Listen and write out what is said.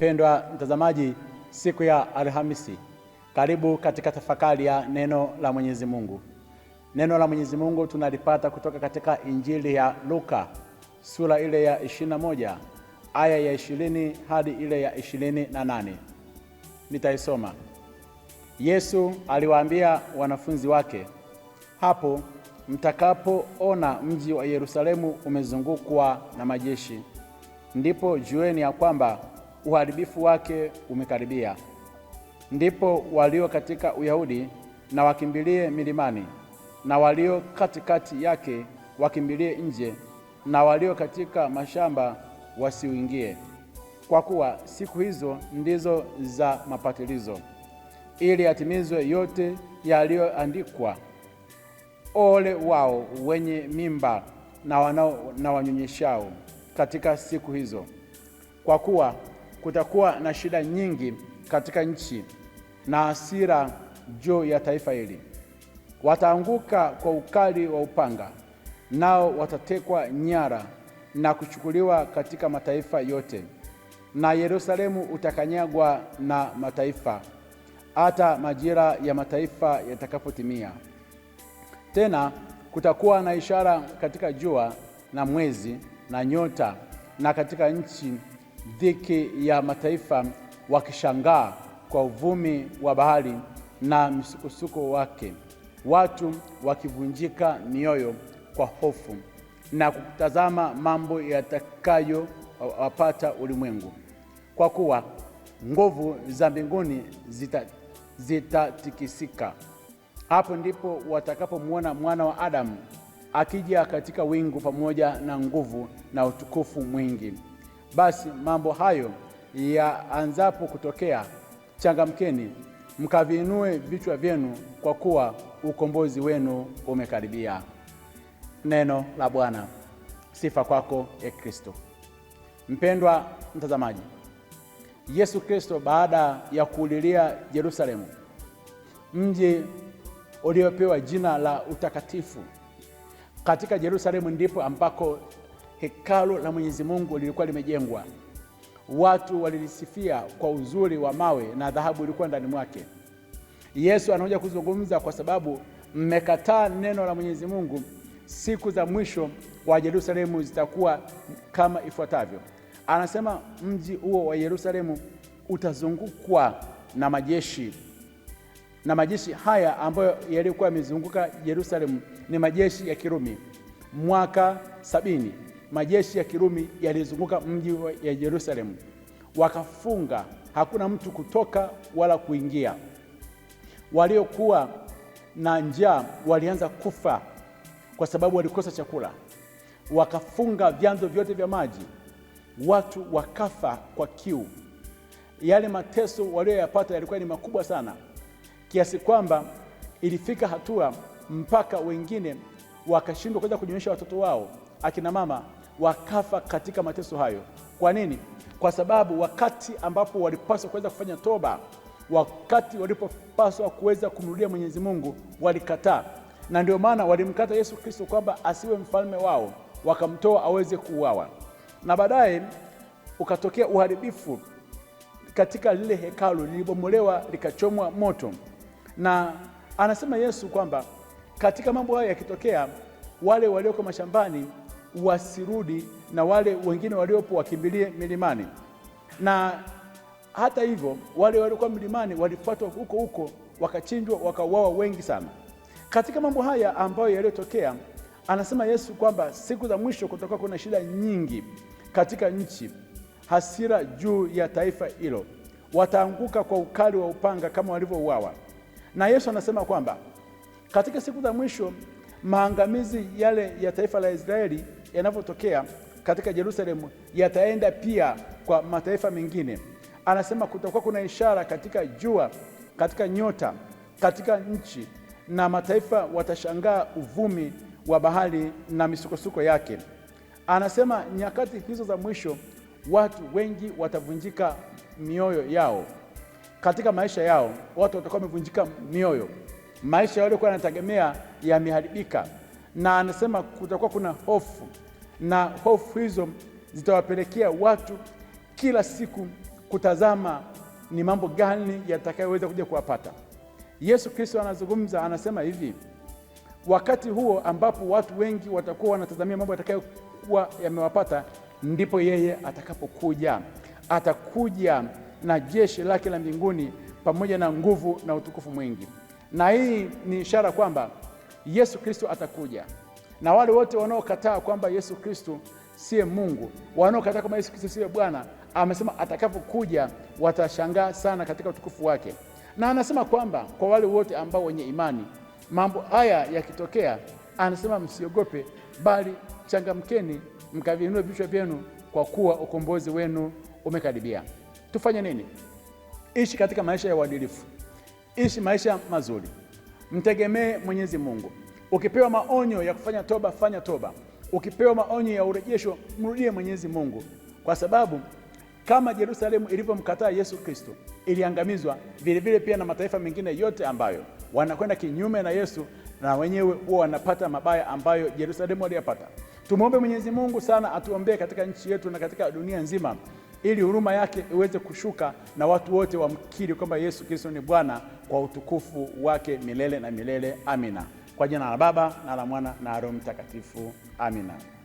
pendwa mtazamaji, siku ya Alhamisi, karibu katika tafakari ya neno la Mwenyezi Mungu. Neno la Mwenyezi Mungu tunalipata kutoka katika Injili ya Luka sura ile ya 21 aya ya 20 hadi ile ya 28. Nitaisoma. Yesu aliwaambia wanafunzi wake, hapo mtakapoona mji wa Yerusalemu umezungukwa na majeshi, ndipo jueni ya kwamba uharibifu wake umekaribia. Ndipo walio katika Uyahudi na wakimbilie milimani, na walio katikati yake wakimbilie nje, na walio katika mashamba wasiuingie, kwa kuwa siku hizo ndizo za mapatilizo, ili yatimizwe yote yaliyoandikwa. Ole wao wenye mimba na wanao na wanyonyeshao katika siku hizo, kwa kuwa kutakuwa na shida nyingi katika nchi na hasira juu ya taifa hili. Wataanguka kwa ukali wa upanga, nao watatekwa nyara na kuchukuliwa katika mataifa yote, na Yerusalemu utakanyagwa na mataifa hata majira ya mataifa yatakapotimia. Tena kutakuwa na ishara katika jua na mwezi na nyota, na katika nchi dhiki ya mataifa wakishangaa kwa uvumi wa bahari na misukosuko wake, watu wakivunjika mioyo kwa hofu na kutazama mambo yatakayowapata ulimwengu, kwa kuwa nguvu za mbinguni zitatikisika. Zita hapo ndipo watakapomwona mwana wa Adamu akija katika wingu pamoja na nguvu na utukufu mwingi. Basi mambo hayo yaanzapo kutokea, changamkeni mkaviinue vichwa vyenu, kwa kuwa ukombozi wenu umekaribia. Neno la Bwana. Sifa kwako e Kristo. Mpendwa mtazamaji, Yesu Kristo baada ya kuulilia Yerusalemu, mji uliopewa jina la utakatifu, katika Yerusalemu ndipo ambako hekalu la Mwenyezi Mungu lilikuwa limejengwa, watu walilisifia kwa uzuri wa mawe na dhahabu ilikuwa ndani mwake. Yesu anakuja kuzungumza kwa sababu mmekataa neno la Mwenyezi Mungu. Siku za mwisho wa Yerusalemu zitakuwa kama ifuatavyo. Anasema mji huo wa Yerusalemu utazungukwa na majeshi, na majeshi haya ambayo yalikuwa yamezunguka Yerusalemu ni majeshi ya Kirumi mwaka sabini majeshi ya Kirumi yalizunguka mji ya Yerusalemu, wakafunga, hakuna mtu kutoka wala kuingia. Waliokuwa na njaa walianza kufa kwa sababu walikosa chakula, wakafunga vyanzo vyote vya maji, watu wakafa kwa kiu. Yale mateso walioyapata yalikuwa ni makubwa sana, kiasi kwamba ilifika hatua mpaka wengine wakashindwa kuweza kunyonyesha watoto wao, akina mama wakafa katika mateso hayo. Kwa nini? Kwa sababu wakati ambapo walipaswa kuweza kufanya toba, wakati walipopaswa kuweza kumrudia Mwenyezi Mungu walikataa, na ndio maana walimkata Yesu Kristo kwamba asiwe mfalme wao, wakamtoa aweze kuuawa, na baadaye ukatokea uharibifu katika lile hekalu, lilibomolewa likachomwa moto. Na anasema Yesu kwamba katika mambo hayo yakitokea, wale walioko mashambani wasirudi na wale wengine waliopo wakimbilie milimani. Na hata hivyo wale waliokuwa milimani walifuatwa huko huko, wakachinjwa, wakauawa wengi sana. Katika mambo haya ambayo yaliyotokea, anasema Yesu kwamba siku za mwisho kutakuwa kuna shida nyingi katika nchi, hasira juu ya taifa hilo, wataanguka kwa ukali wa upanga kama walivyouawa. Na Yesu anasema kwamba katika siku za mwisho maangamizi yale ya taifa la Israeli yanavyotokea katika Yerusalemu yataenda pia kwa mataifa mengine. Anasema kutakuwa kuna ishara katika jua, katika nyota, katika nchi, na mataifa watashangaa uvumi wa bahari na misukosuko yake. Anasema nyakati hizo za mwisho watu wengi watavunjika mioyo yao katika maisha yao, watu watakuwa wamevunjika mioyo maisha waliokuwa yanategemea yameharibika, na anasema kutakuwa kuna hofu, na hofu hizo zitawapelekea watu kila siku kutazama ni mambo gani yatakayoweza kuja kuwapata. Yesu Kristo anazungumza, anasema hivi, wakati huo ambapo watu wengi watakuwa wanatazamia mambo yatakayokuwa yamewapata, ndipo yeye atakapokuja. Atakuja na jeshi lake la mbinguni pamoja na nguvu na utukufu mwingi na hii ni ishara kwamba Yesu Kristo atakuja, na wale wote wanaokataa kwamba Yesu Kristo siye Mungu, wanaokataa kwamba Yesu Kristo siye Bwana, amesema atakapokuja watashangaa sana katika utukufu wake, na anasema kwamba kwa wale wote ambao wenye imani, mambo haya yakitokea, anasema msiogope, bali changamkeni, mkaviinue vichwa vyenu, kwa kuwa ukombozi wenu umekaribia. Tufanye nini? Ishi katika maisha ya uadilifu ishi maisha mazuri, mtegemee Mwenyezi Mungu. Ukipewa maonyo ya kufanya toba, fanya toba. Ukipewa maonyo ya urejesho, mrudie Mwenyezi Mungu, kwa sababu kama Yerusalemu ilivyomkataa Yesu Kristo iliangamizwa, vilevile pia na mataifa mengine yote ambayo wanakwenda kinyume na Yesu na wenyewe huwa wanapata mabaya ambayo Yerusalemu waliyapata. Tumwombe Mwenyezi Mungu sana atuombee katika nchi yetu na katika dunia nzima ili huruma yake iweze kushuka na watu wote wamkiri kwamba Yesu Kristo ni Bwana kwa utukufu wake milele na milele. Amina. Kwa jina la Baba na la Mwana na Roho Mtakatifu. Amina.